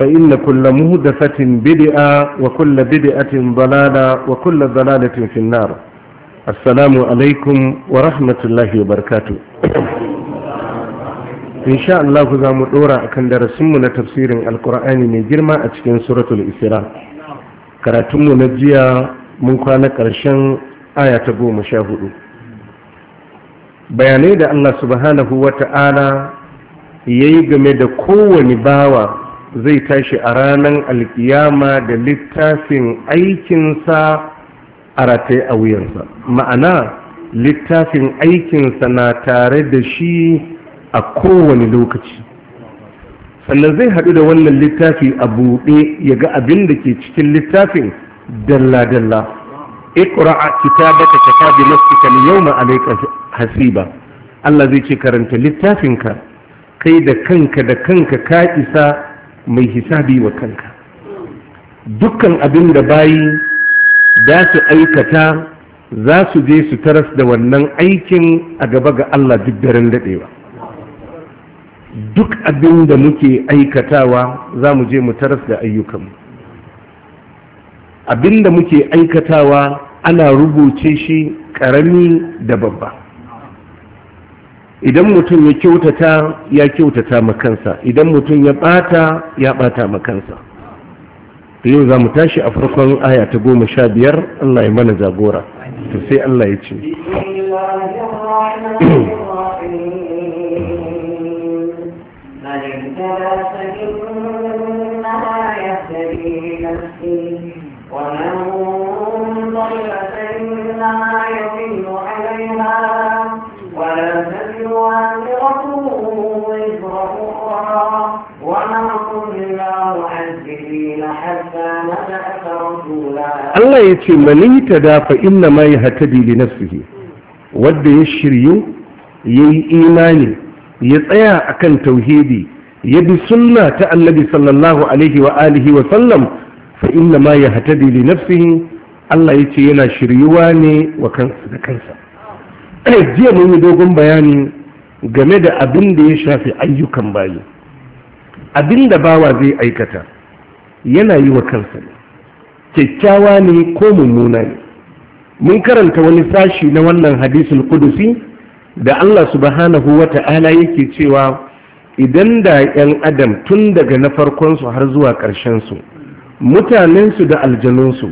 فإن كل مهدفة بدعة وكل بدعة ضلالة وكل ضلالة في النار السلام عليكم ورحمة الله وبركاته إن شاء الله ذا مدورة كان درسمنا تفسير القرآن من جرمى أتكين سورة الإسراء كراتم نجيا من كان كرشان آية بو مشاهد bayanai da Allah subhanahu wa ta'ala ya yi game da kowane bawa zai tashi a ranar alkiyama da littafin aikinsa a rataye a wuyansa ma'ana littafin aikinsa na tare da shi a kowane lokaci sannan zai haɗu da wannan littafi a buɗe ya ga abin da ke cikin littafin dalla-dalla da kitabaka kafa bi yau al-yawma alayka hasiba Allah zai ce karanta littafinka kai da kanka da kanka ka isa mai hisabi wa kanka dukkan abin da bayi za su aikata za su je su taras da wannan aikin a gaba ga Allah duk daren daɗewa duk abin da muke aikatawa za mu je mu taras da ayyukanmu abin da muke aikatawa ana rubuce shi ƙarami da babba idan mutum ya kyautata ya kyautata ma kansa, idan mutum ya bata ya bata makansa yau za mu tashi a farkon aya ta goma sha biyar Allah ya mana zagora, to sai Allah ya ce Allah ya ce manita da fa inna ma ya hatadi li nafsihi wadda ya shiryu yi imani ya tsaya akan tauhidi ya bi sunna ta annabi sallallahu alaihi wa alihi wa sallam fa inna ma ya hatadi li nafsihi Allah ya ce yana shiryuwa ne wa kansa da kansa jiya mun yi dogon bayani game da abin da ya shafi ayyukan bayi abin da bawa zai aikata yana yi wa kansa ne kyakkyawa ne ko mummuna ne mun karanta wani sashi na wannan hadisul kudusi da Allah subhanahu wa ta'ala yake cewa idan da 'yan adam tun daga na farkonsu har zuwa ƙarshensu mutanensu da aljanunsu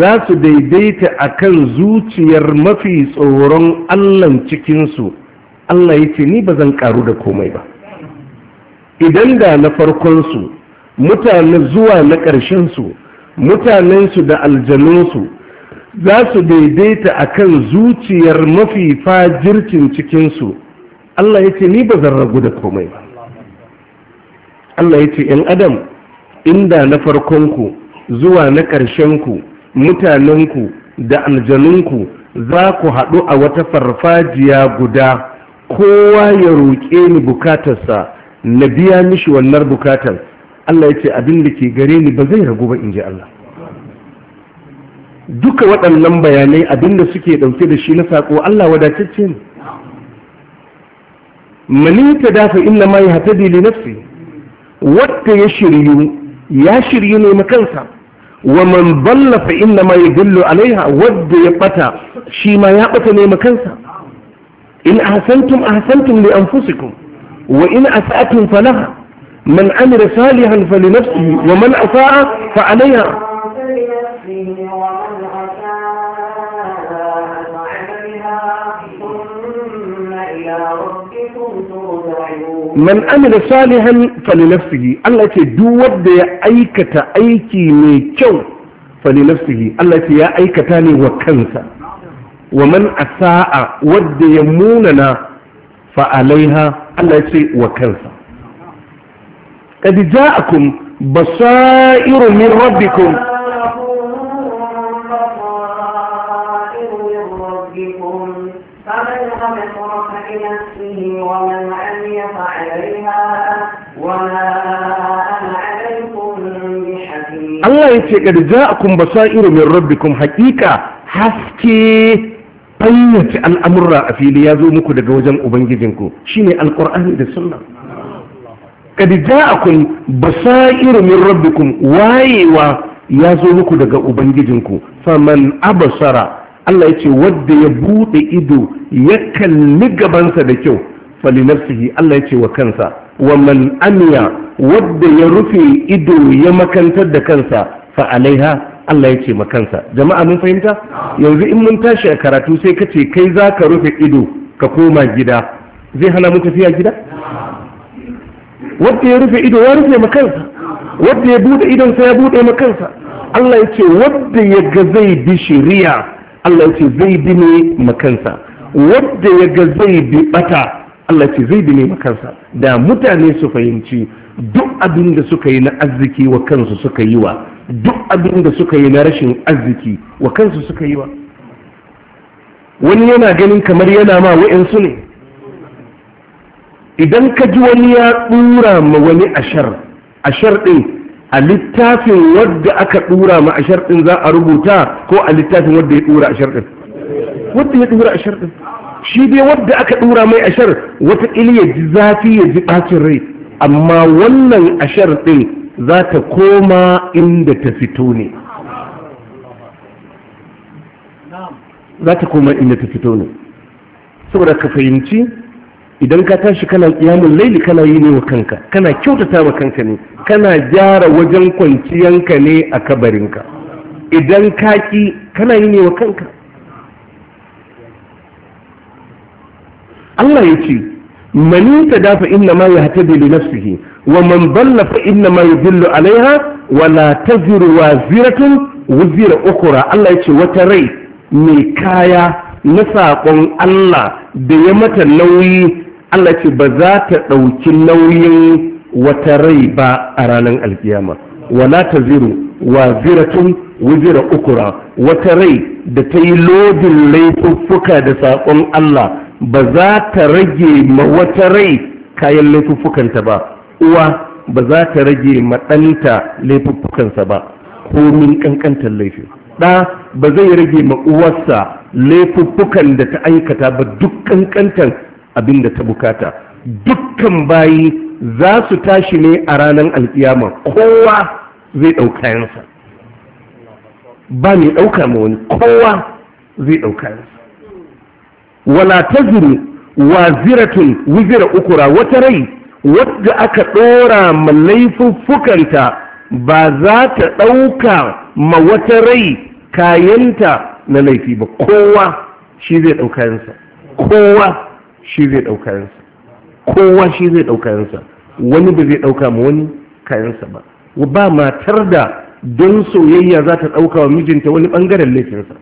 za su daidaita a kan zuciyar mafi tsoron allan cikinsu allah ya ce ni ba zan karu da komai ba idan da na farkonsu mutane zuwa na ƙarshensu mutanensu da aljanunsu za su daidaita a kan zuciyar mafi fajircin cikinsu Allah ya ce ni ba zan ragu da komai ba Allah ya ce ‘yan adam inda na farkonku zuwa na ƙarshenku mutanenku da aljanunku za ku haɗu a wata farfajiya guda kowa ya roƙe ni bukatarsa na biya mishi wannan bukatar Allah ya ce abin da ke gare ni ba zai ragu ba in ji Allah duka waɗannan bayanai abin da suke ɗauke da shi na saƙo Allah wadatacce ne mani ta dafa inna ma ya hata dili nafsi wata ya shiryu ya shiryu ne makansa wa man balla fa inna ma yadullu alaiha wadda ya bata shi ma ya bata ne makansa in ahsantum ahsantum li anfusikum wa in asa'atum falaha من عمل صالحا فلنفسه ومن أساء فعليها من عمل صالحا فلنفسه الله تدو ود أيكت أيكي ميكو فلنفسه الله تيا أيكتاني وكنسا ومن أساء ود يموننا فعليها التي تي وكنسا قد جاءكم بصائر من ربكم Allah ya ce ƙar ja'akun basairu min rabbikum haƙiƙa haske fayyace al'amurra a fili ya zo muku daga wajen Ubangijinku shi ne alƙur'ani da sunna Kadi a ja'akum basairu min rabbikum wayewa ya zo muku daga ubangijinku faman abasara Allah ya ce wadda ya bude ido ya kalli gabansa da kyau fali nafsihi Allah ya ce wa kansa wa man amiya wadda ya rufe ido ya makantar da kansa fa alaiha Allah ya ce makansa jama'a mun fahimta yanzu in mun tashi a karatu sai ka ce kai za ka rufe ido ka koma gida zai hana mu tafiya gida Wadda ya rufe ido ya rufe makansa Wadda ya bude idon sa ya bude makansa Allah ya ce wadda ya ga zai bi shari'a Allah ya ce zai bi ne makansa Wadda ya ga zai bi bata Allah ya ce zai bi ne makansa da mutane su fahimci duk abin da suka yi na arziki wa kansu suka yi wa duk abin da suka yi na rashin arziki wa kansu suka yi wa wani yana ganin kamar yana ma wa'insu ne idan ka ji wani ya ɗura ma wani ashar ashar ɗin a littafin wadda aka ɗura ma ashar ɗin za a rubuta ko a littafin wadda ya ɗura ashar ɗin wadda ya ɗura ashar ɗin shi dai wadda aka ɗura mai ashar wata ya ji zafi ya ji ɓacin rai amma wannan ashar ɗin za ta koma inda ta fito ne za ta koma inda ta fito ne saboda ka fahimci idan ka tashi kana kiyamun laili kana yi ne wa kanka kana kyautata wa kanka ne kana gyara wajen kwanciyanka ne a kabarinka idan ka ki kana yi ne wa kanka Allah ya ce mani ta dafa inna ma ya yahtadi li nafsihi wa man balla fa inna ma ya yudillu alaiha wa la wa ziratun wuzira ukura Allah ya ce wata rai mai kaya na saƙon Allah da ya mata nauyi Allah ce ba za ta ɗauki nauyin wata rai ba a ranar alkiyama wala ta ziru wa ziratun wuzira ukura wata rai da ta yi lodin laifuffuka da saƙon Allah ba za ta rage ma wata rai kayan laifuffukanta ba uwa ba za ta rage ma ɗanta laifuffukansa ba komin ƙanƙantar laifin ɗa ba zai rage ma uwarsa laifuffukan da ta aikata ba duk ƙanƙantar abin da ta bukata dukkan bayi za su tashi ne a ranar alkiyama kowa zai yansa ba mai ɗauka ma wani kowa zai yansa wala ta zuru wa ziratun wizira ukura wata rai wadda aka ɗora ma laifuffukanta ba za ta ɗauka ma wata rai kayanta na laifi ba kowa shi zai yansa kowa shi zai ɗauka yansa, kowa shi zai ɗauka yansa, wani ba zai ɗauka ma wani kayansa ba ba matar da don soyayya za ta ɗauka wa mijinta wani ɓangaren laifinsa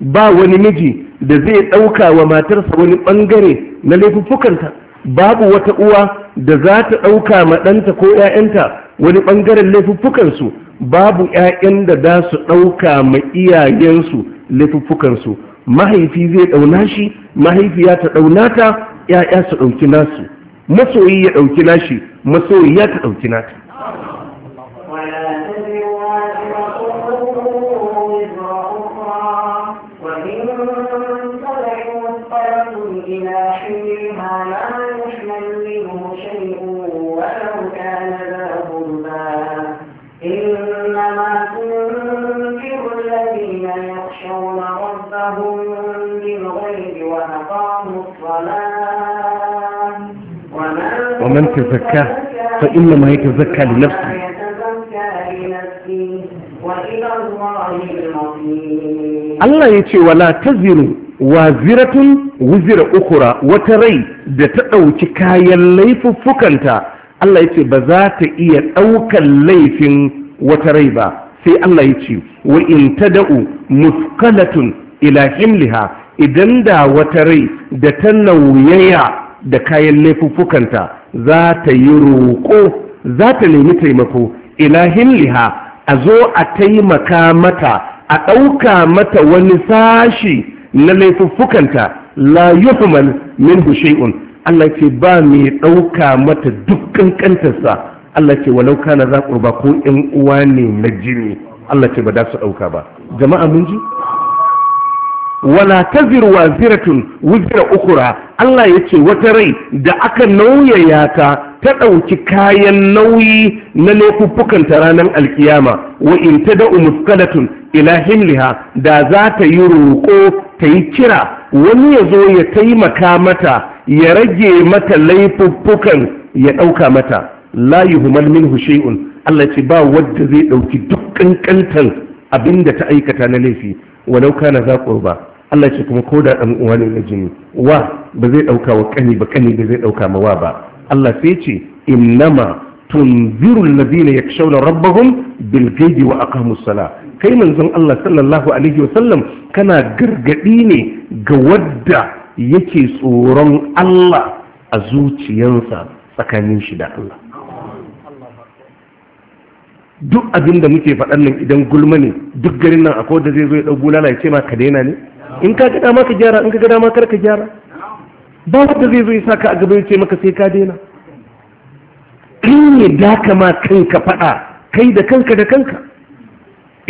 ba wani miji da zai ɗauka wa matarsa wani ɓangare na laifuffukanta babu wata uwa da za ta ɗauka ma ɗanta ko 'ya'yanta wani ɓangaren laifuffukansu babu 'ya'yan da za su ɗauka ma iyayensu laifuffukansu mahaifi zai ɗauna shi mahaifiya ta ɗauna ta ‘ya'ya su ɗauki nasu masoyi ya ɗauki nashi masoyi ya ta ɗauki nata ومن تزكى فإنما يتزكى لنفسه Allah ya ce wala taziru waziratun wuzira ukura wata rai da ta ɗauki kayan laifuffukanta Allah ya ce ba za ta iya ɗaukan laifin wata rai ba sai Allah ya ce wa in tada'u muskalatun ila himliha idan da wata rai da ta nauyaya da kayan laifuffukanta za ta yi roƙo za ta nemi taimako ilahin liha a zo a taimaka mata a ɗauka mata wani sashi na laifuffukanta la yuhmal min shay'un Allah ce ba mai ɗauka mata duk ƙanƙantarsa. Allah ce walau kana za ƙurba ko ƴan uwa ne na jini Allah ce ba da su ɗauka ba jama'a mun ji wala tazir waziratun wuzira ukura Allah ya ce wata rai da aka nauyaya ta ta ɗauki kayan nauyi na laifuffukan ranar alkiyama wa in ta da umuskalatun ilahim liha da za ta yi roƙo ta yi kira wani ya zo ya taimaka mata ya rage mata laifuffukan ya ɗauka mata la yuhmal minhu shay'un Allah ce ba wanda zai ɗauki duk ƙanƙantan abinda ta aikata na laifi walau na za ba Allah ce kuma koda ɗan uwa ne na jini wa ba zai dauka wa kani ba kani ba zai dauka ma wa ba Allah sai ce innama tunziru alladhina yakshawna rabbahum bil ghaibi wa aqamus sala kai manzon Allah sallallahu alaihi wasallam kana gargadi ne ga wadda yake tsoron Allah a zuciyarsa tsakanin shi da Allah duk abin da muke faɗan nan idan gulma ne duk garin nan akwai da zai zo ya ɗau bulala ya ce ma ka daina ne in ka gada maka gyara in ka gada maka ka gyara ba wanda zai zo sa ka a gaba ce maka sai ka daina kai ne daka ma kanka faɗa kai da kanka da kanka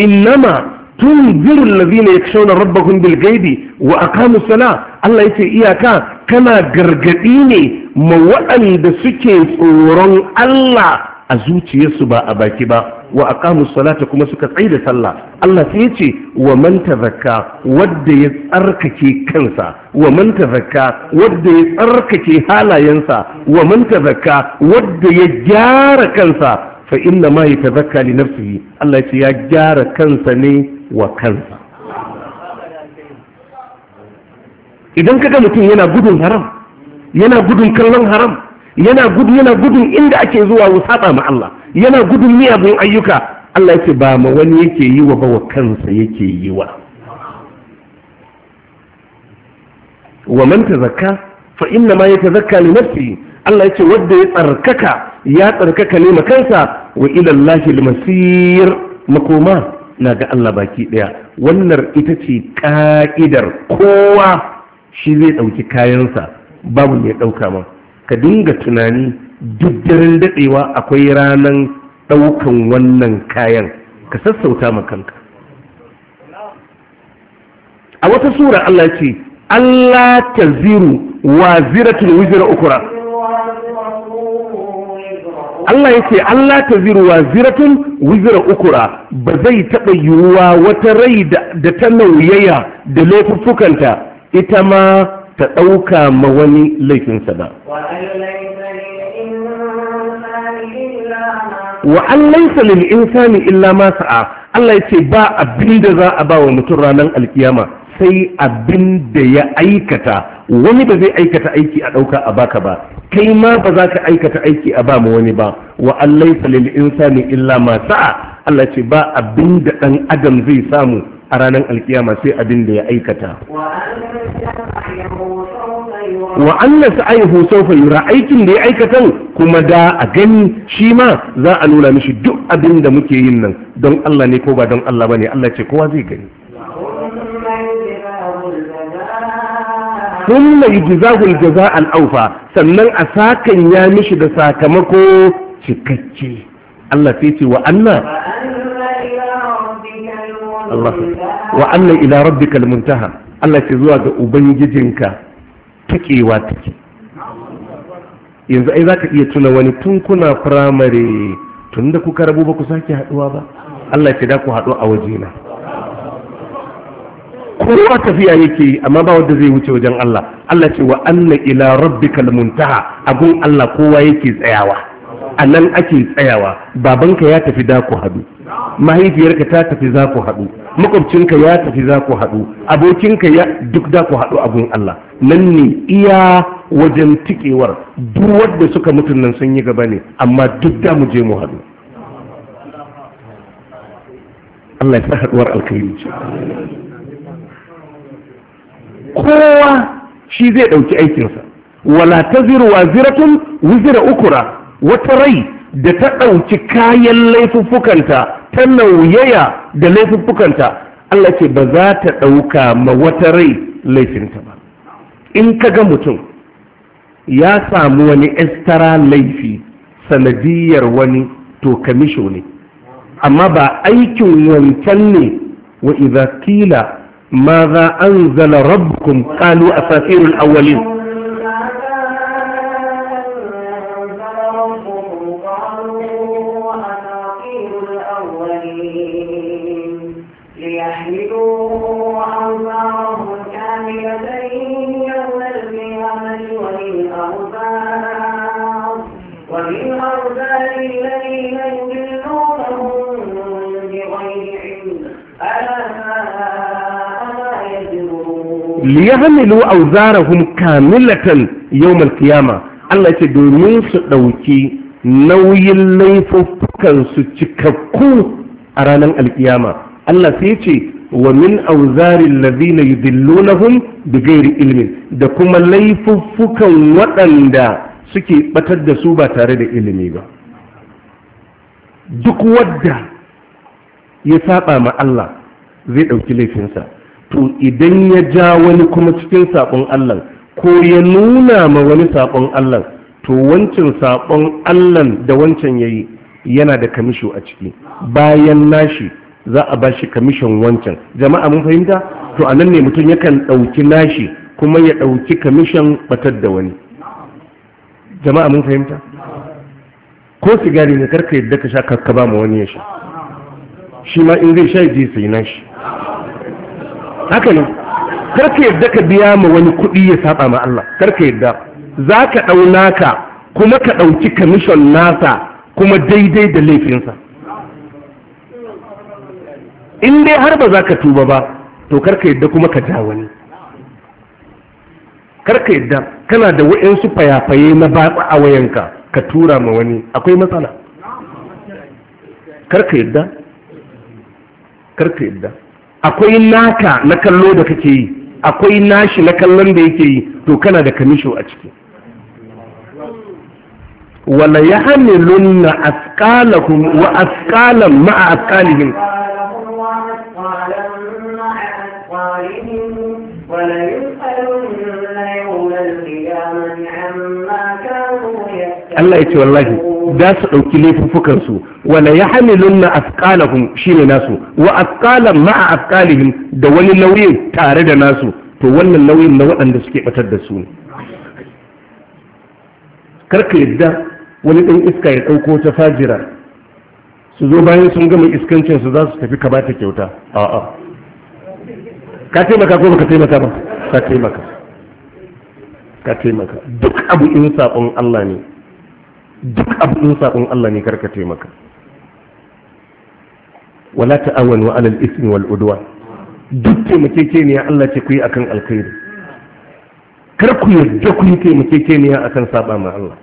innama tunziru ya shauna rabba bil gaibi wa kamu sana Allah ya ce iyaka kana gargadi ne ma waɗanda suke tsoron Allah a zuciyarsu ba a baki ba wa kamun salata kuma suka tsaye da sallah Allah sai ce wa man tazakka wadda ya tsarkake kansa wa man tazakka wadda ya tsarkake halayensa wa man tazakka wadda ya gyara kansa fa inna ma yatazakka li nafsihi Allah ya ce ya gyara kansa ne wa kansa idan kaga mutum yana gudun haram yana gudun kallon haram yana gudu yana gudun inda ake zuwa wusaba ma Allah yana gudun miyagun ayyuka Allah yake ba ma wani yake yi wa ba wa kansa yake yi wa wa man tazakka fa inna ma yatazakka li nafsi Allah yake wanda ya tsarkaka ya tsarkaka ne ma kansa wa ila Allahil masir makoma na ga Allah baki daya wannan ita ce ka'idar kowa shi zai dauki kayansa babu ne dauka ma ka dinga tunani duk daren daɗewa akwai ranar ɗaukan wannan kayan ka sassauta kanka. a wata sura Allah ce Allah ta ziru wa ziratun wizira ukura Allah ya ce Allah ta ziru wa ziratun wizira ukura ba zai taɓa yiwuwa wata rai da ta nauyaya da laifuffukanta ita ma ta ɗauka ma wani laifinsa ba wa an laisa lil insani illa ma sa'a Allah ya ce ba abin da za a ba wa mutum ranar alkiyama sai abin da ya aikata wani ba zai aikata aiki a ɗauka a baka ba kai ma ba za ka aikata aiki a ba ma wani ba wa an laisa lil insani illa ma sa'a Allah ya ce ba abin da ɗan adam zai samu a ranar alkiyama sai abin da ya aikata wa anna sa'ayhu sawfa yura aikin da ya aikata kuma da a gani shi ma za a nuna mishi duk abin da muke yin nan don Allah ne ko ba don Allah bane Allah ce kowa zai gani thumma yujzahu al-jazaa sannan a sakan ya mishi da sakamako cikakke Allah sai ce wa anna Allah wa anna ila rabbikal muntaha Allah ce zuwa ga ubangijinka takewa take yanzu ai za ka iya tuna wani tun kuna firamare tun da kuka rabu ba ku sake haduwa ba Allah ke da ku haɗu a wajena kowa tafiya yake amma ba wanda zai wuce wajen Allah Allah ce wa anna ila rabbikal muntaha abun Allah kowa yake tsayawa a nan ake tsayawa babanka ya tafi da ku haɗu mahaifiyarka ta tafi za ku haɗu makwabcinka ya tafi za ku haɗu abokinka ya duk za ku haɗu abun Allah nan ne iya wajen tikewar duk wadda suka mutun nan sun yi gaba ne amma duk da mu je mu haɗu Allah ya haɗuwar alkhairi kowa shi zai ɗauki aikinsa wala taziru waziratun wuzira ukura wata rai da ta ɗauki kayan laifuffukanta ta nauyaya da laifuffukanta Allah ce ba za ta ɗauka ma wata rai laifinta ba in ka ga mutum ya samu wani estara laifi sanadiyar wani to kamisho ne amma ba aikin wancan ne wa izakila, kila ma za anzala rabbukum a asatirul awwalin liyahmilu awzarahum kamilatan yawmal qiyama Allah ce domin su dauki nauyin laifukan su cikakku a ranar alkiyama Allah sai ce wa min awzaril ladina yudillunahum bighairi ilmin da kuma laifukan waɗanda suke batar da su ba tare da ilimi ba duk wadda ya saba ma Allah zai ɗauki laifinsa to idan ya ja wani kuma cikin saƙon Allah ko ya nuna ma wani saƙon Allah to wancan saƙon Allah da wancan ya yi yana da kamisho a ciki bayan nashi za a ba shi kamishin wancan jama'a mun fahimta to a nan ne mutum yakan ɗauki nashi kuma ya ɗauki kamishin batar da wani jama'a mun fahimta ko sigari ne karka yadda ka sha karka ba ma wani ya sha shi ma in zai sha je sai nashi haka ne karka yadda ka biya ma wani kuɗi ya saba ma Allah karka yadda za ka ɗau naka kuma ka ɗauki kamishon nasa kuma daidai da laifinsa in dai har ba za ka tuba ba to karka yadda kuma ka ja wani karka yadda kana da wa'insu fayafaye na baƙa a wayanka ka tura ma wani akwai matsala karka yadda karka yadda akwai naka na kallo da kake yi akwai nashi na kallon da yake yi to kana da kamisho a ciki wala ya hannu luna askalahum wa askalan ma'a askalihin Allah ya ce wallahi za su ɗauki laifuffukansu wala ya hamilun na asƙalahum shi ne nasu wa afkalan ma'a asƙalihim da wani nauyin tare da nasu to wannan nauyin na waɗanda suke ɓatar da su ne karka yadda wani ɗan iska ya ɗauko ta fajira su zo bayan sun gama iskancin su za su tafi ka bata kyauta a'a ka taimaka ko baka taimaka ba ka taimaka ka taimaka duk abu in saƙon Allah ne duk abin saƙon Allah ne karkace taimaka wala wa alal ismi wal udwa duk taimakekeniya Allah ce ku yi akan alkhairi kar ku yarda ku yi taimakekeniya akan saba ma Allah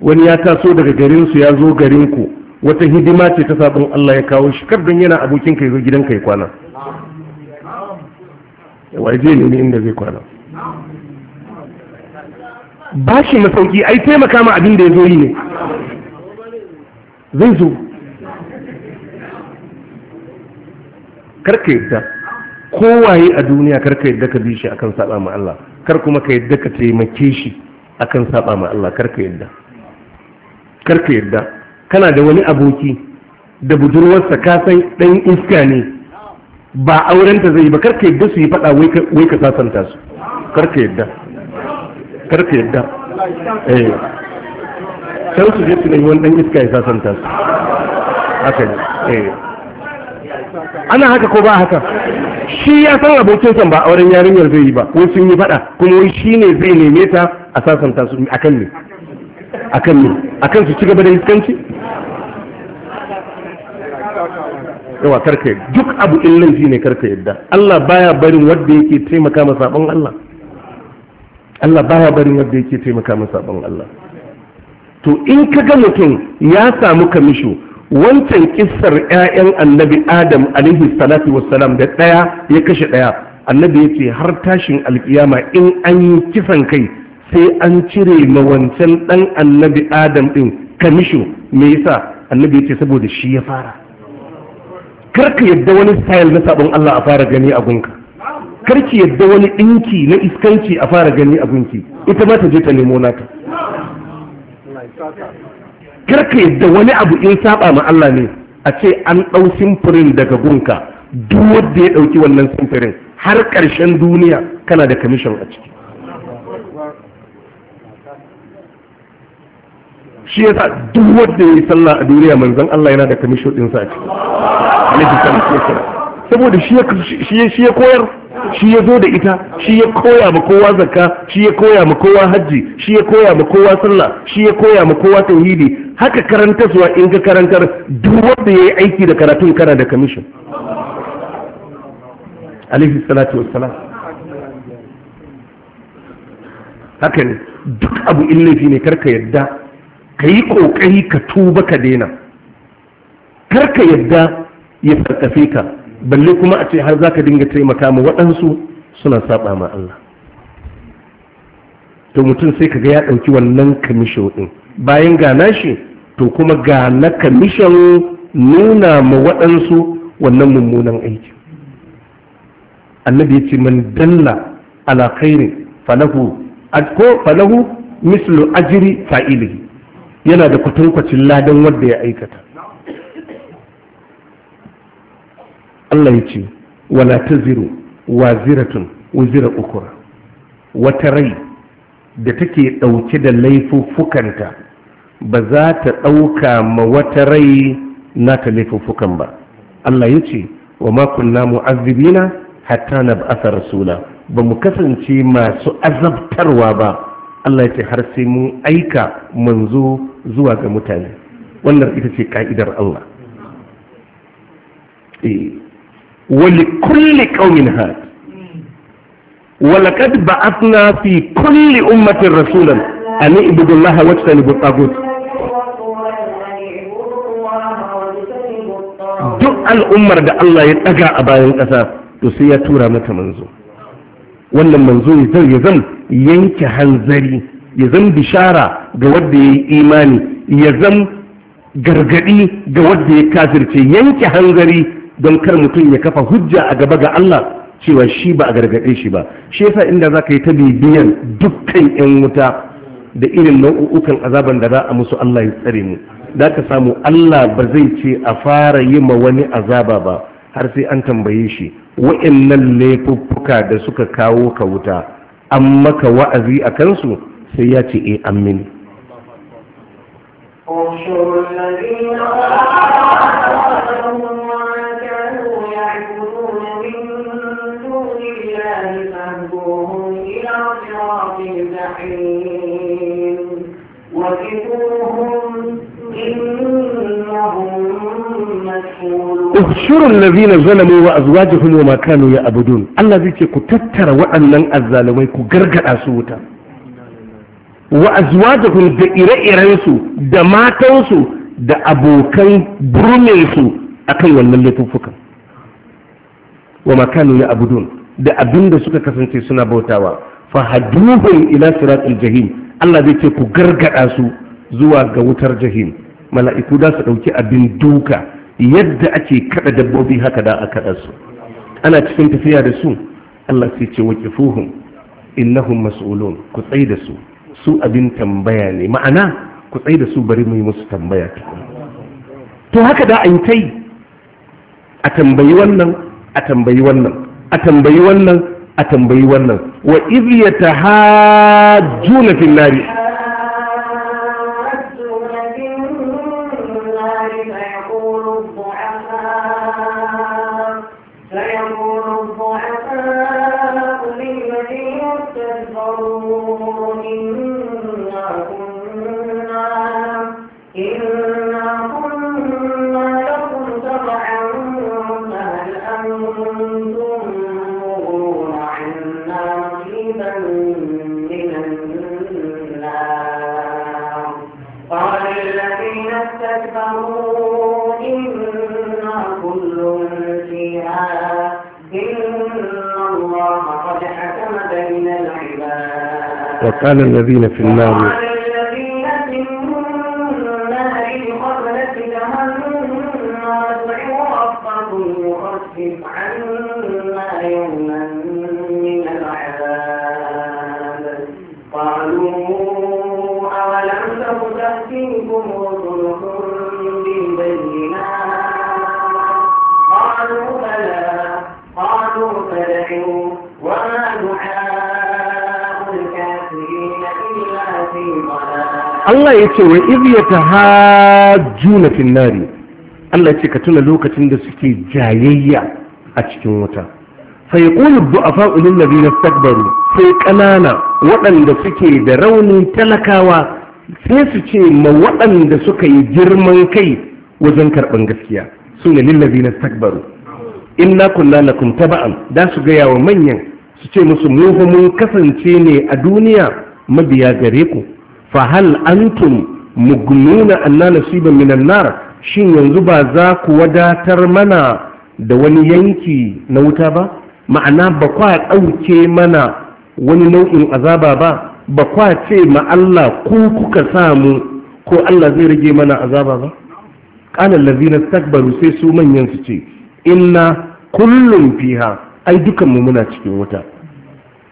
wani ya taso daga garin su ya zo garin ku wata hidima ce ta sabon Allah ya kawo shi kar don yana abokin kai zo gidanka ya kwana zai ne inda zai kwana ba shi masauki ai taimaka ma abin da ya zo yi ne zai zo karka yadda kowaye a duniya karka yadda ka bi shi akan saba ma Allah kar kuma ka yadda ka taimake shi akan saba ma Allah karka yadda karka yadda kana da wani aboki da budurwarsa ka san dan iska ne ba aurenta zai yi ba karka yadda su yi fada wai ka sasanta su karka yadda karfe yadda eh sai su je su nemi wani dan iska ya sasanta su haka eh ana haka ko ba haka shi ya san abokin san ba auren yarinyar zai yi ba ko sun yi fada kuma wai shi ne zai neme ta a sasanta su akan ne akan ne akan su ci gaba da iskanci yawa karka duk abu illan shi ne karka yadda Allah baya barin wanda yake taimaka ma sabon Allah Allah baya barin wanda yake taimaka masa sabon Allah to in ka ga mutum ya samu kamisho wancan kisar 'ya'yan annabi adam alaihi salatu wassalam da ɗaya ya kashe ɗaya annabi ya ce har tashin alkiyama in an yi kisan kai sai an cire ma wancan ɗan annabi adam ɗin kamisho me yasa annabi ya ce saboda shi ya fara karka yadda wani style na sabon Allah a fara gani a gunka karki yadda wani ɗinki na iskanci a fara gani abinki ita ba ta je ta nemo naka karka yadda wani abu in saba ma Allah ne a ce an ɗau simfirin daga gunka duk wanda ya ɗauki wannan simfirin har ƙarshen duniya kana da kamishin a ciki shi yasa duk wanda ya yi sallah a duniya manzon Allah yana da kamishin ɗinsa a ciki saboda shi ya koyar shi ya zo da ita shi ya koya ma kowa zakka shi ya koya ma kowa hajji shi ya koya ma kowa sallah shi ya koya ma kowa tauhidi haka karantarwa in ka karantar duk wanda yayi aiki da karatun kana da commission alaihi salatu wassalam haka ne duk abu in laifi ne karka yadda ka yi kokari ka tuba ka daina karka yadda ya sarkafe ka balle kuma a ce har za ka dinga taimaka ma waɗansu suna saba ma Allah to mutum sai ka ga ya ɗauki wannan kamishin ɗin bayan gana shi to kuma gana na kamishin nuna ma waɗansu wannan mummunan aiki annabi ya ce man dalla ala Khairi falahu ko falahu mislu ajri fa'ilihi yana da kwatankwacin ladan wanda ya aikata Allah ya ce wala ta taziru waziratun wuzira ukura wata rai da take ɗauke da laifuffukanta ba za ta ɗauka ma wata rai nata laifuffukan ba Allah ya ce wa makon namu azibina hatta na ba'asa rasula ba mu kasance masu azabtarwa ba Allah ya ce har sai mun aika manzo zuwa ga mutane wannan ita ce ka'idar Allah e ولكل قوم هاد ولقد بعثنا في كل أمة رسولا أن اعبدوا الله واجتنبوا الطاغوت دو الأمة دا الله يتقع أباين قصا تسيا تورا متى منزو ولا منزو يزن يزن ينك هنزري يزن بشارة بودي إيماني يزن قرقعي بودي كاثر ينك هنزري don kar mutum ya kafa hujja a gaba ga Allah cewa shi ba a gargaɗe shi ba shi yasa inda za ka yi ta bibiyan dukkan 'yan wuta da irin nau'ukan azaban da za a musu Allah ya tsare mu da ka samu Allah ba zai ce a fara yi ma wani azaba ba har sai an tambaye shi wa'annan laifuffuka da suka kawo ka wuta an maka wa'azi a kansu sai ya ce eh amin Shirun وكفوهم Ushurun lazina zalamu wa azwajuhum wa ma ya abudun Allah zai ce ku tattara waɗannan azzalumai ku gargada su wuta wa azwajuhum da ire-iren su da matansu da abokan burmesu su akan wannan laifuffukan wa ma ya abudun da abinda suka kasance suna bautawa fahaduhum ila siratil jahim Allah zai ce ku gargada su zuwa ga wutar jahim mala'iku da su dauki abin duka yadda ake kada dabbobi haka da aka su ana cikin tafiya da su Allah sai ce waqifuhum innahum mas'ulun ku tsai da su su abin tambaya ne ma'ana ku tsai da su bari mu yi musu tambaya to haka da an kai a tambayi wannan a tambayi wannan a tambayi wannan a tambayi wannan wa iz yatahajjuna fil nari وكان الذين في النار Allah ya ce wa iziya ta hajjuna finnari Allah ce ka tuna lokacin da suke jayayya a cikin wuta sai ƙulub du'afa ulul na istakbaru sai ƙanana waɗanda suke da rauni talakawa sai su ce ma waɗanda suka yi girman kai wajen karɓan gaskiya su ne in na na kunna kunta ba'an, da su gaya wa manyan su ce musu mu kasance ne a duniya mabiya gare ku fahal hal antum mugnuna anna nasiban min annar shin yanzu ba za ku wadatar mana da wani yanki na wuta ba ma'ana ba kwa ɗauke mana wani nau'in azaba ba ba kwa ce ma Allah ku kuka samu ko Allah zai rage mana azaba ba ƙanan lazina takbaru sai su manyan su ce inna kullum fiha ai mu muna cikin wuta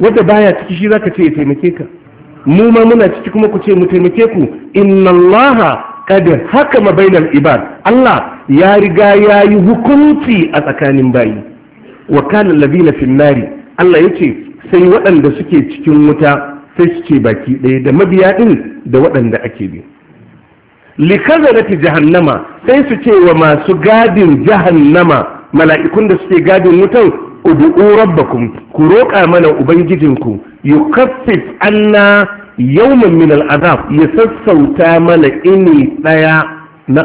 wanda baya ciki shi zaka ce ya taimake ka mu ma muna ciki kuma ku ce mu taimake ku inna allaha kad hakama bainal ibad Allah ya riga ya yi hukunci a tsakanin bayi wa kana ladina fin nari Allah yace sai waɗanda suke cikin wuta sai suke baki ɗaya da mabiya ɗin da waɗanda ake bi likazarati jahannama sai su ce wa masu gadin jahannama mala'ikun da suke gadin wutan ud'u rabbakum ku roƙa mana ubangijinku يخفف أن يوما من العذاب يسسو تامنا إني ثيا إن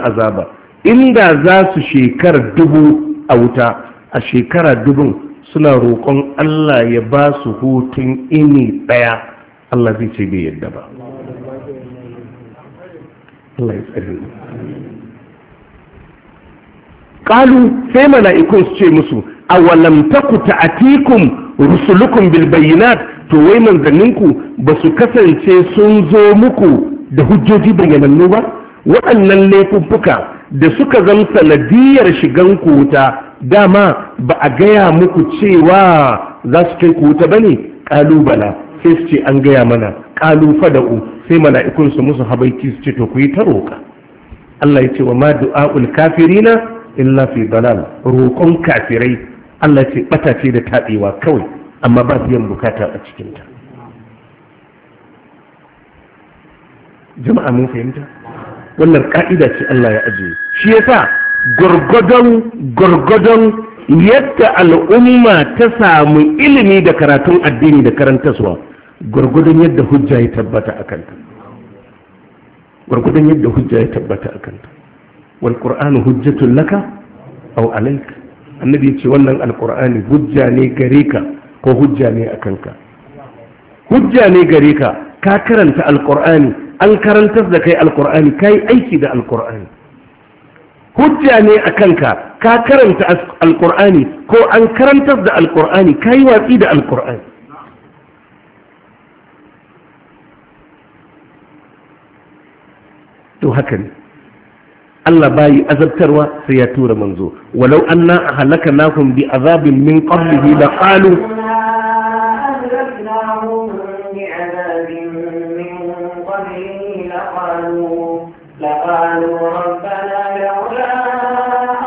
إندا ذات شيكار دبو أوتا أشيكار دبو سنا روكم الله يباسه تن إني ثيا الله في سبيل الدبا الله يسألنا قالوا فيما لا يكون شيء مسلم أولم تكن تأتيكم رسلكم بالبينات to wai manzanninku ba su kasance sun zo muku da hujjoji bayyanannu ba waɗannan laifuffuka da suka zama sanadiyar shigan wuta dama ba a gaya muku cewa za su kai wuta ba ne ƙalubala sai su ce an gaya mana ƙalu fada'u sai mala'ikun su musu habaiki su ce to ku yi ta roƙa Allah ya ce wa ma du'a'ul kafirina illa fi dalal roƙon kafirai Allah ya ce ɓata ce da taɗewa kawai amma ba biyan bukata a cikinta jama'a mun fahimta wannan ka'ida ce Allah ya ajiye shi ya sa gwargwadon gwargwadon yadda al'umma ta samu ilimi da karatun addini da karantaswa gwargwadon yadda hujja ya tabbata a kanta gwargwadon yadda hujja ya tabbata a kanta wal qur'anu hujjatun laka aw alayka annabi ya ce wannan al-qur'ani hujja ne gare ka ko hujja ne a kanka hujja ne gare ka ka karanta alkur'ani an karantar da kai alkur'ani ka yi aiki da alkur'ani hujja ne a kanka ka karanta alkur'ani ko an karantar da alkur'ani ka yi watsi da alkur'ani to haka ne Allah bayi azabtarwa sai ya tura manzo walau anna ahlaknahum bi azabin min qablihi la qalu لقالوا ربنا لولا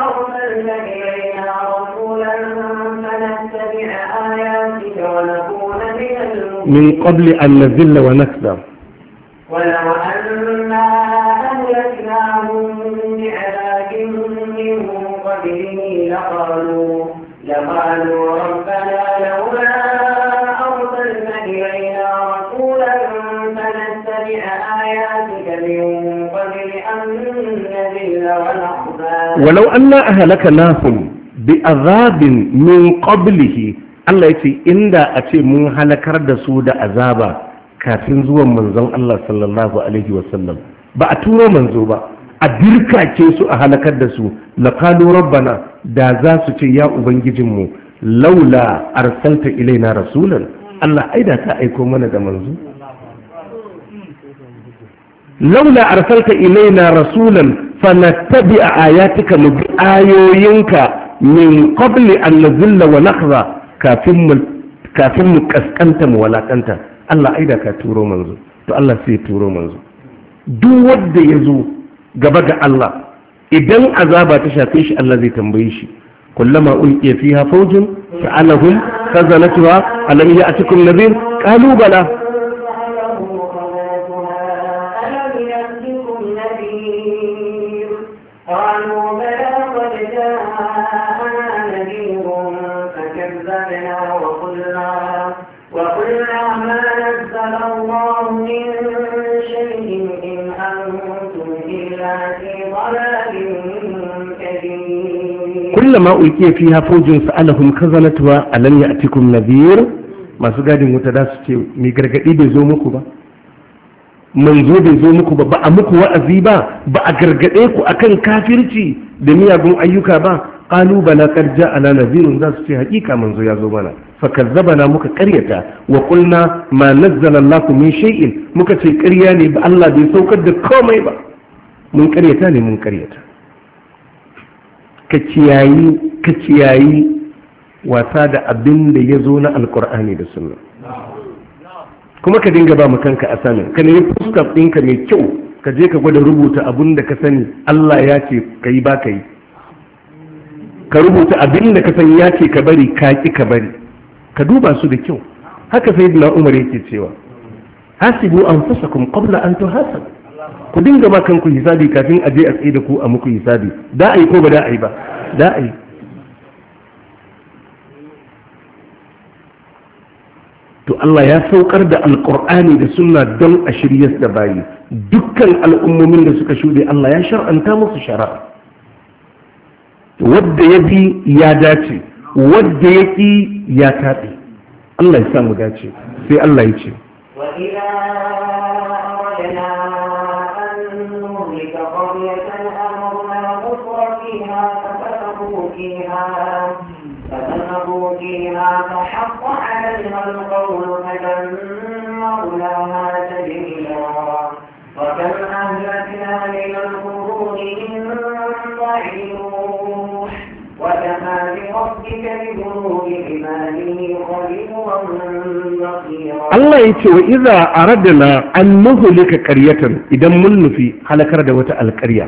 أرسلنا إلينا رسولا فنتبع آياتك ونكون من المؤمنين من قبل أن نذل ونكذب ولو لقالوا ربنا لولا أرسلنا إلينا رسولا فنتبع آياتك من قبل أن نذل ونحظى ولو أن أهلكناهم بأذاب من قبله الله يتي إندا أتي من هلك رد سود أذابا كافين زوا من زوا الله صلى الله عليه وسلم بأتوا من زوا أدركا كيسو أهلك رد سود لقالوا ربنا da za su ce ya ubangijinmu laula arsalta ilaina rasulan Allah ai da ka aiko mana da manzo laula arsalta ilaina rasulan fanattabi ayatika mu bi ayoyinka min qabli an nazilla wa nakhza kafin mu kafin mu kaskanta mu walakanta Allah ai da ka turo manzo to Allah sai turo manzo duk wanda ya zo gaba ga Allah idan azaba ta shafe shi Allah zai tambaye shi kullama ulqiya fiha fawjun fa'alahum khazanatuha alam ya'tikum nadhir qalu bala وقلنا ما نزل الله من kullama ulqiya fiha fawjun sa'alahum khazanatuha alam ya'tikum nadhir masu gadin wuta da su ce mai gargadi bai zo muku ba manzo bai zo muku ba ba a muku wa'azi ba ba a gargade ku akan kafirci da miyagun ayyuka ba qalu bala qad ja'ana nadhirun za su ce hakika manzo ya zo mana fakazzabana muka karyata wa qulna ma nazzala Allahu min shay'in muka ce karya ne ba Allah bai saukar da komai ba mun karyata ne mun karyata ka ciyayi ka ciyayi wasa da abin da ya zo na alkur'ani da sunna kuma ka dinga ba kanka a sanin ka nemi fuskar ɗinka mai kyau ka je ka gwada rubuta abin da ka sani allah ya ce ka yi ba ka yi ka rubuta abin da ka sani ya ce ka bari ka ki ka bari ka duba su da kyau haka sai umar yake cewa hasibu an anfusakum kwamna an tuhasabu ku dinga ma kanku hisabi kafin a je a tsaye da ku a muku hisabi da a ko ba da a ba da a to Allah ya saukar da Alƙur'ani da sunna don a shirya da bayi dukkan al'ummomin da suka shuɗe Allah ya shar'anta musu shara wadda ya bi ya dace wadda ya ƙi ya taɓe Allah ya samu dace sai Allah ya ce فيها فيها فحق عليها القول فدمرناها تدميرا وكم أهلكنا من القرون من ضعيف وكفى بربك بذنوب عباده خبيرا بصيرا الله يتي وإذا أردنا أن نهلك قرية إذا من في هلكر دوت القرية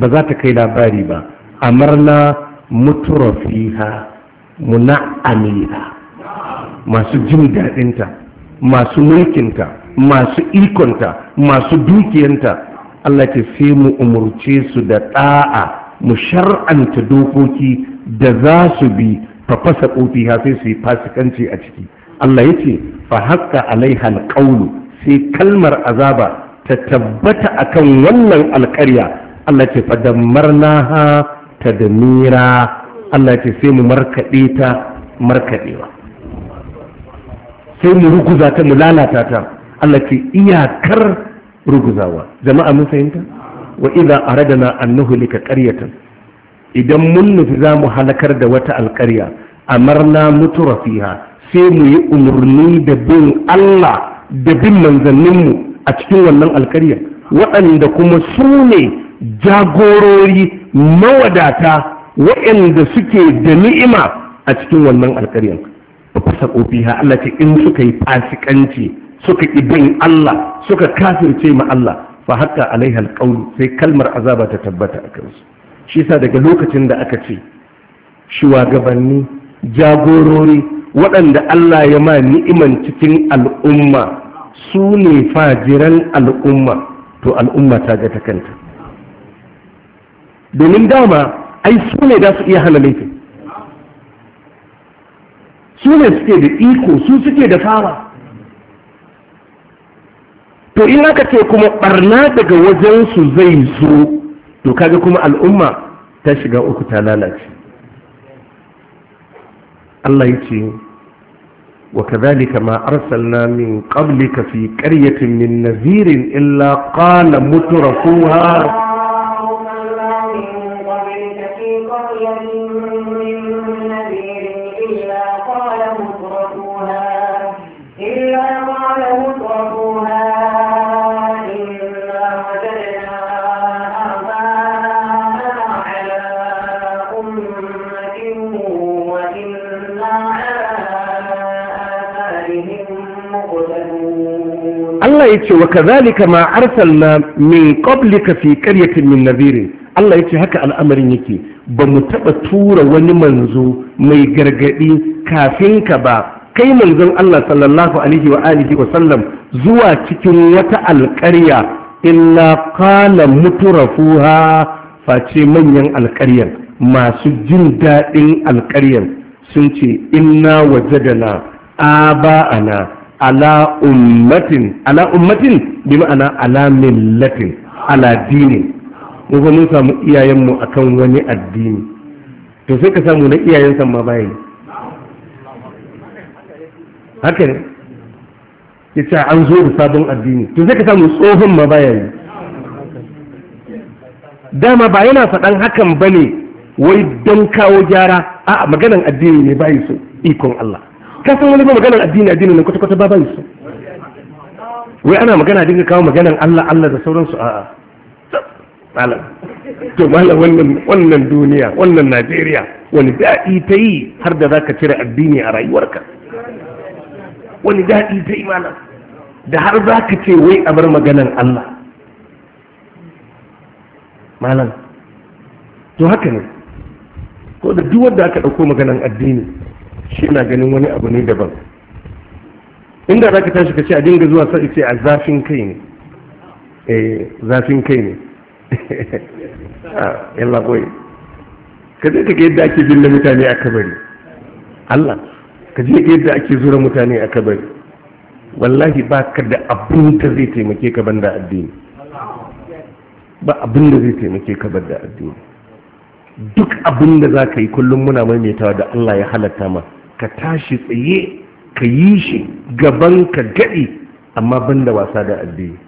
بذات كيلا باري با أمرنا mutura fiha muna'amiha masu jin daɗinta masu mulkinta masu ikonta masu dukiyanta Allah ce sai mu umurce su da ɗa'a mu shar'anta dokoki da za su bi fafasa ƙofi sai su yi fasikanci a ciki Allah ya ce fa haƙa alaihan ƙaunu sai kalmar azaba ta tabbata akan wannan alƙarya Allah ce fa ha! tadmira Allah ce sai mu markaɗe ta markaɗewa sai mu ruguza ta mu lalata ta Allah ce iyakar ruguzawa jama'a mun fahimta wa idza aradna an nuhlika qaryatan idan mun nufi za mu halakar da wata alƙarya amarna mutura fiha sai mu yi umarni da bin Allah da bin manzanninmu a cikin wannan alƙarya waɗanda kuma su ne jagorori mawadata waɗanda suke da ni'ima a cikin wannan alƙaryar ba ku sako Allah ce in suka yi fasikanci suka ibin Allah suka kafirce ma Allah fa haka alaiha alqawl sai kalmar azaba ta tabbata a kansu shi yasa daga lokacin da aka ce shuwagabanni, jagorori waɗanda Allah ya ma ni'iman cikin al'umma su ne fajiran al'umma to al'umma ta ga ta kanta domin dama ai su ne za su iya hana laifin su ne suke da iko su suke da fara to in aka ce kuma barna daga wajensu zai zo to kaga kuma al'umma ta shiga uku ta lalace Allah ya ce wa kazalika ma arsalna min qablika fi qaryatin min nadhirin illa qala mutrafuha Allah yace wa kazalika ma arsalna min qablika fi qaryatin min nadhirin Allah yace haka al'amarin yake ba mu taba tura wani manzo mai gargadi kafin ka ba kai manzon Allah sallallahu alaihi wa alihi wa sallam zuwa cikin wata alƙarya illa qala mutrafuha face manyan alƙaryar masu jin daɗin alƙaryar sun ce inna wajadana aba'ana ala ummatin ala ummatin bi ma'ana ala millatin ala dinin mu mun samu iyayenmu akan wani addini to sai ka samu na iyayen san ma bayi haka ne yace an zo da sabon addini to sai ka samu tsohon ma bayi dama ba yana faɗan hakan bane wai don kawo gyara a maganan addini ne bayi so ikon Allah ka san wani ba maganar addini addini nan kwata-kwata ba ban su wai ana magana dinga kawo maganar Allah Allah da sauransu a malam to malam wannan wannan duniya wannan Najeriya wani daɗi ta yi har da zaka cire addini a rayuwarka wani daɗi ta yi malam da har zaka ce wai a bar maganar Allah malam to haka ne ko da duk wanda aka ɗauko maganar addini shi na ganin wani abu ne daban inda za ka tashi ka ce a dinga zuwa sai ce a zafin kai ne eh zafin kai ne ah yalla boy ka je ka ga yadda ake binne mutane a kabari Allah ka je ka yadda ake zura mutane a kabari wallahi ba ka da abin da zai taimake ka banda addini ba abin da zai taimake ka banda addini duk abin da za ka yi kullum muna maimaitawa da Allah ya halatta ma ka tashi tsaye ka yi shi gaban ka gaɗi amma ban da wasa da addini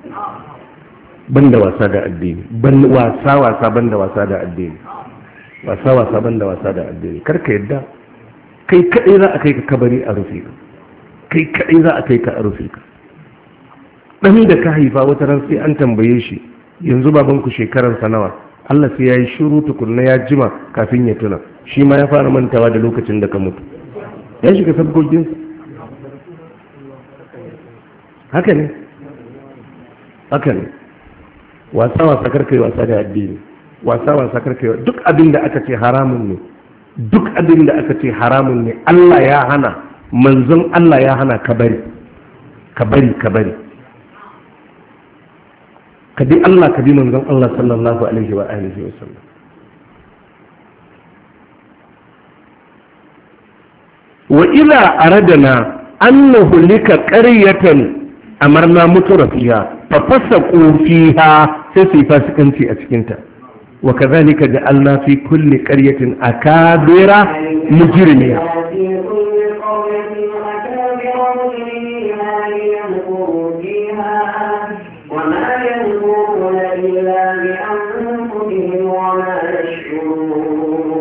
banda wasa da addini wasa wasa ban da wasa da addini wasa wasa ban da wasa da addini kar ka yadda kai kaɗai za a kai ka kabari a rufe ka kai kaɗai za a kai ka a rufe ka ɗan da ka haifa wata ran sai an tambaye shi yanzu babanku shekarar nawa Allah sai ya yi shiru tukunna ya jima kafin ya tuna shi ma ya fara mantawa da lokacin da ka mutu ya shiga sabgogin haka ne haka ne wasa wasa karka yi wasa da addini wasa wasa karka yi duk abin da aka ce haramun ne duk abin da aka ce haramun ne Allah ya hana manzon Allah ya hana ka bari ka bari ka bari ka bi Allah ka bi manzon Allah sallallahu alaihi wa alihi wa sallam wa ila aradana an nuhulika ƙaryatan amarna mutura fiha fa fasaqu fiha sai su yi fasikanci a cikinta wa kazalika ja'alna fi kulli qaryatin akabira mujrimiya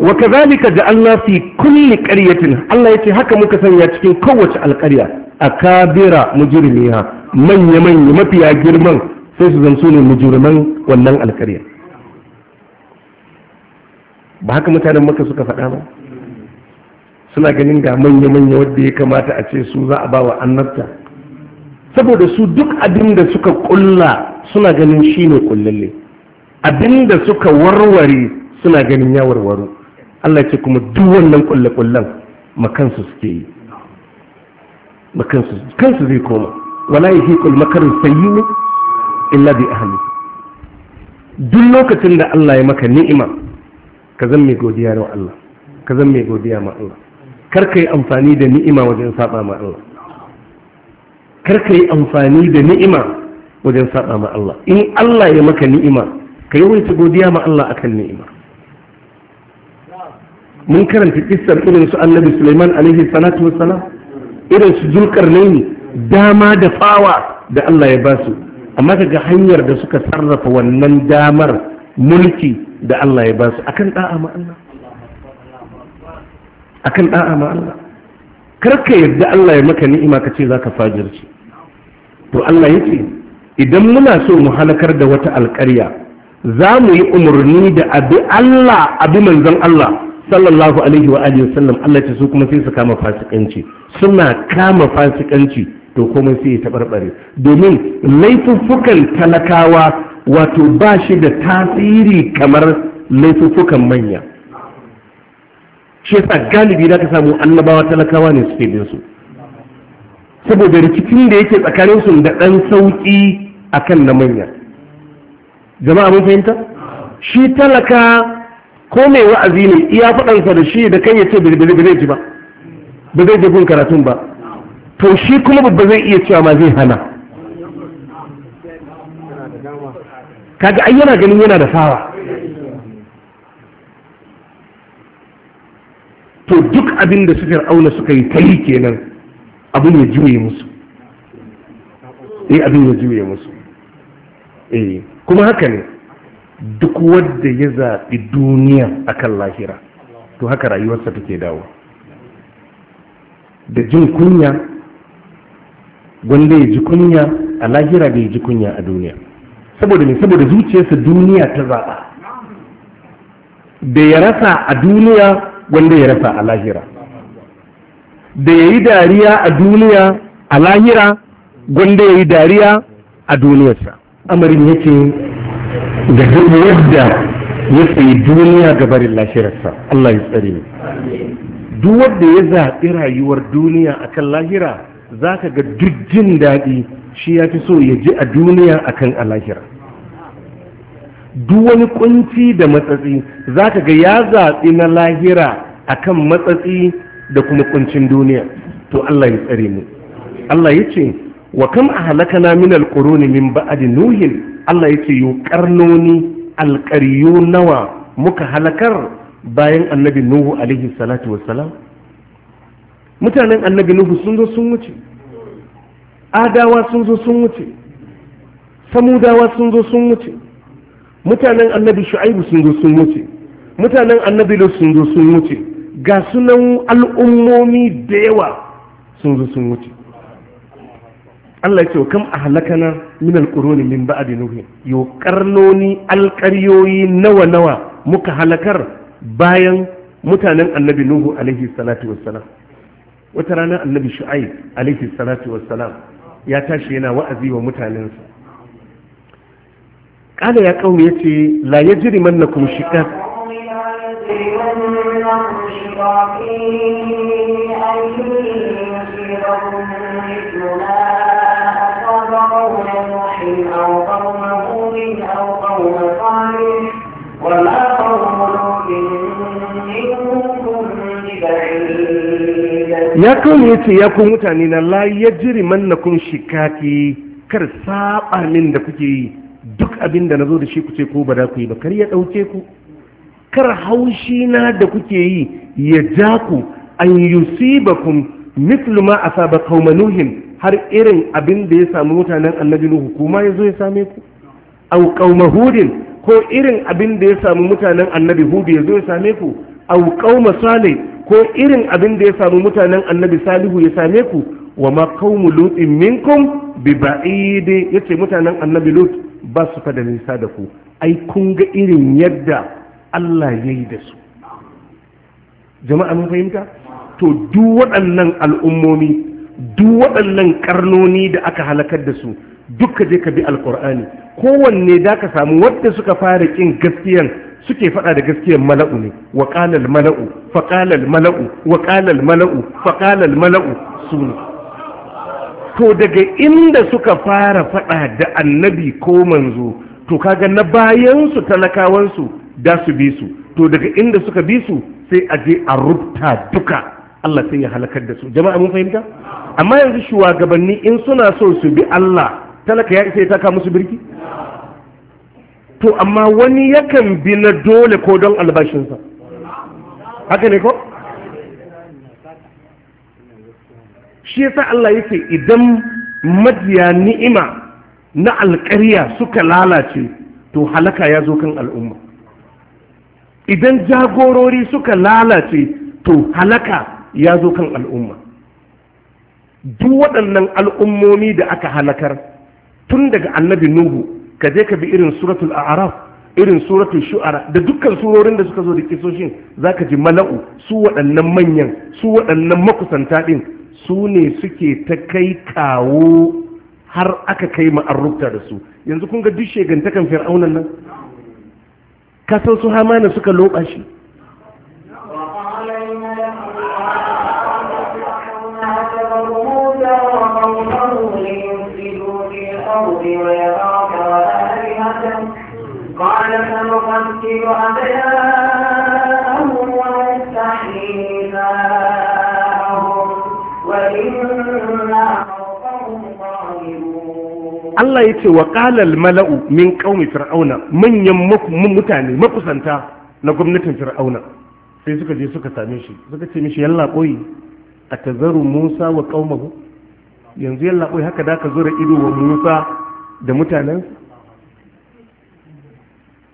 wa kazalika ja'alna fi kulli qaryatin Allah yace haka muka sanya cikin kowace alƙarya akabira mujrimiha manya manya mafiya girman sai su zansu ne mujriman wannan alƙarya ba haka mutanen maka suka faɗa ba suna ganin da manya manya wanda ya kamata a ce su za a ba wa annabta saboda su duk abin da suka kulla suna ganin shine kullalle abinda da suka warware suna ganin ya warware Allah ce kuma duk wannan kulle-kullen makansu suke yi makansu kansu zai koma wala yi hikul makarin sayyiwu illa bi ahli duk lokacin da Allah ya maka ni'ima ka zan mai godiya da Allah ka zan mai godiya ma Allah kar ka yi amfani da ni'ima wajen saba ma Allah kar ka yi amfani da ni'ima wajen saba ma Allah in Allah ya maka ni'ima ka yawaita godiya ma Allah akan ni'ima mun karanta kissar irin su annabi Sulaiman alaihi salatu wassalam irin su zulkarnaini dama da fawa da Allah ya ba su amma kaga hanyar da suka sarrafa wannan damar mulki da Allah ya ba su akan da'a ma Allah akan da'a ma Allah karka yadda Allah ya maka ni'ima ka ce zaka fajirci to Allah yake idan muna so mu halakar da wata alƙarya za mu yi umarni da abi Allah abi manzon Allah sallallahu alaihi wa alihi wasallam Allah ta su kuma sai su kama fasikanci suna kama fasikanci to komai sai ya tabarbare domin laifuffukan talakawa wato ba shi da tasiri kamar laifuffukan manya shi yasa galibi da ka samu annabawa talakawa ne suke bin su saboda rikicin da yake tsakanin su da dan sauki akan na manya jama'a mun fahimta shi talaka ko mai wa'azi ne iya faɗansa da shi da kan ya ce ba zai ji ba ba zai jabin karatun ba to shi kuma babba zai iya cewa ma zai hana kaga ai yana ganin yana da fawa to duk abin da suka auna suka yi ta kenan abin ya juye musu eh abin ya juye musu eh kuma haka ne duk wadda ya zaɓi duniya akan lahira to haka rayuwarsa take dawo da jin kunya wanda ya ji kunya a lahira da ya ji kunya a duniya saboda ne saboda zuciyarsa duniya ta zaɓa da ya rasa a duniya wanda ya rasa a lahira da ya yi dariya a duniya a lahira wanda ya yi dariya a duniyarsa amarin yake da duk wadda ya sayi duniya ga barin lahirarsa Allah ya tsare ni duk wadda ya zaɓi rayuwar duniya a kan lahira za ka ga duk jin daɗi shi ya fi so ya ji a duniya kan a lahira duk wani kunci da matsatsi za ka ga ya zaɓi na lahira a kan matsatsi da kuma kuncin duniya to Allah ya tsare ni. Allah ya ce wa kam a halakana min al al-quruni min ba'di nuhin Allah yake yi karnoni alqariyu nawa muka halakar bayan annabi nuhu alaihi salatu wassalam mutanen annabi nuhu sun zo sun wuce adawa sun zo sun wuce samudawa sun zo sun wuce mutanen annabi shu'aibu sun zo sun wuce mutanen annabi lut sun zo sun wuce ga sunan al'ummomi da yawa sun zo sun wuce Allah ya ce kam ahlakana min alquruni min ba'di nuh yo karnoni alqaryoyi nawa nawa muka halakar bayan mutanen annabi nuhu alaihi salatu wassalam wata rana annabi shu'aib alaihi salatu wassalam ya tashi yana wa'azi wa mutanensa kala ya kawo ya ce la ya jiri manna kuma shiƙa Thank you. أو قوم هود أو قوم صالح وما قوم لوط منكم ببعيد kun كون kar saba min da kuke yi duk abin da na zo da shi ku ce ko ba za ku yi ba kar ya ɗauke ku kar haushi na da kuke yi ya ja ku an yusibakum mithlu ma asaba kauma nuhin har irin abin da ya samu mutanen annabi nuhu kuma ya zo ya same ku au qauma hudin ko irin abin da ya samu mutanen annabi hudu ya zo ya same ku au qauma salih ko irin abin da ya samu mutanen annabi salihu ya same ku wa ma qaumu lutin minkum bi ba'id yace mutanen annabi lut ba su fa da nisa da ku ai kun ga irin yadda Allah ya yi da su jama'a mun fahimta to duk waɗannan al'ummomi duk waɗannan ƙarnoni da aka halakar da su duka je ka bi alkur'ani kowanne da ka samu wadda suka fara ƙin gaskiyan suke faɗa da gaskiyan mala'u ne wa qalal mala'u fa mala'u wa mala'u fa qalal mala'u ne to daga inda suka fara faɗa da annabi ko manzo to kaga na bayan su talakawan su da su bi su to daga inda suka bi su sai a je a rubuta duka Allah sai ya halakar da su jama'a mun fahimta amma yanzu shugabanni in suna so su bi Allah talaka ya isa ya taka musu birki to amma wani yakan bi na dole ko don albashinsa haka ne ko shi yasa Allah yake idan majiya ni'ima na alƙarya suka lalace to halaka ya zo kan al'umma idan jagorori suka lalace to halaka ya zo kan al'umma duk waɗannan al'ummomi da aka halakar tun daga annabi nuhu ka je ka bi irin suratul a'raf irin suratul shu'ara da dukkan surorin da suka zo da kisoshin za ka ji mala'u su waɗannan manyan su waɗannan makusanta ɗin su ne suke ta kai kawo har aka kai rubuta da su yanzu kun ga duk shegantakan fir'aunan nan kasan su hamana suka loɓa shi Allah ya ce wa ƙalal mala'u min ƙaumi fir'auna manyan mutane makusanta na gwamnatin fir'auna sai suka je suka same shi suka ce mishi yalla koyi a tazaru musa wa ƙaumahu yanzu yalla koyi haka da ka zura ido wa musa da mutanensa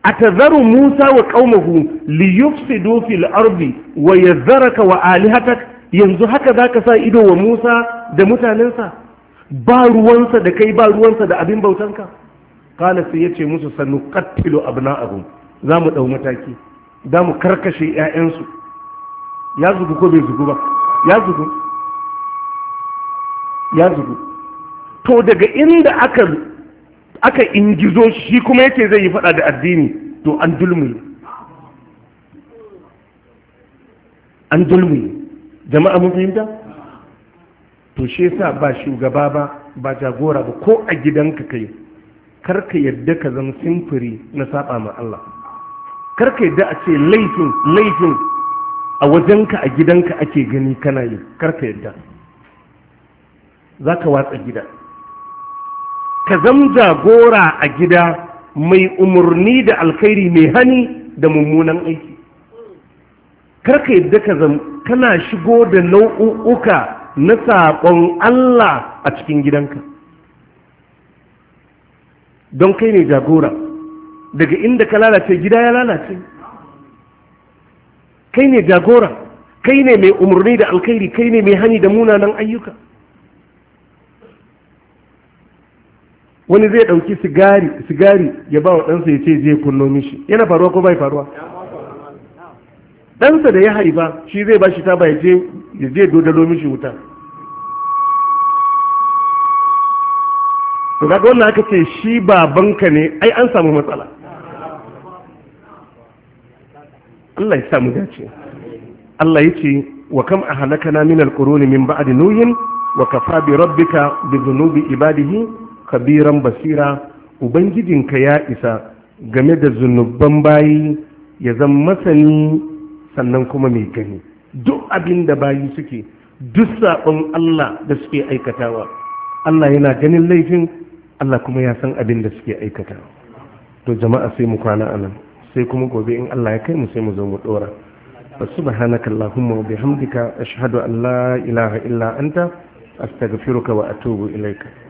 atazaru Musa wa qaumahu liyufsidu fil ardi wa yadhharaka wa alihatak yanzu haka zaka sa ido wa Musa da mutanensa ba ruwansa da kai ba ruwansa da abin bautanka qala sai yace musu sanu sanuqattilu abna'ahum zamu dau mataki zamu karkashe ƴaƴansu ya zugu ko bai zugu ba ya zugu ya zugu to daga inda aka aka ingizo shi kuma yake zai yi fada da addini to an dulmi an dulmi jama'a mun fahimta to shi yasa ba shugaba ba ba jagora ba ko a gidanka kai kar ka yadda ka zama simfuri na saba ma Allah kar ka yadda a ce laifin laifin a wajenka a gidanka ake gani kana yi kar ka yadda za ka watsa gida ka zan jagora a gida mai umarni da alkhairi mai hani da mummunan aiki karka yadda ka zama kana shigo da nau'uka na saƙon Allah a cikin gidanka don kai ne jagora daga inda ka lalace gida ya lalace kai ne jagora kai ne mai umarni da alkhairi kai ne mai hani da munanan ayyuka wani zai ɗauki sigari sigari ya ba wa ɗansa ya ce je kunno mishi yana faruwa ko bai faruwa ɗansa da ya haifa shi zai ba shi taba ya je ya je dodalo mishi wuta to ga wannan aka ce shi babanka ne ai an samu matsala Allah ya samu dace Allah ya ce wa kam ahlakana min alquruni min ba'di nuhin wa kafa bi rabbika bi dhunubi ibadihi kabiran basira ubangijinka ya isa game da zunuban bayi ya zan masani sannan kuma mai gani duk abin da bayi suke duk saɓon Allah da suke aikatawa Allah yana ganin laifin Allah kuma ya san abin da suke aikatawa to jama'a sai mu kwana anan sai kuma gobe in Allah ya kai mu sai mu zo mu dora subhanaka allahumma wa bihamdika ashhadu an la ilaha illa anta astaghfiruka wa atubu ilaika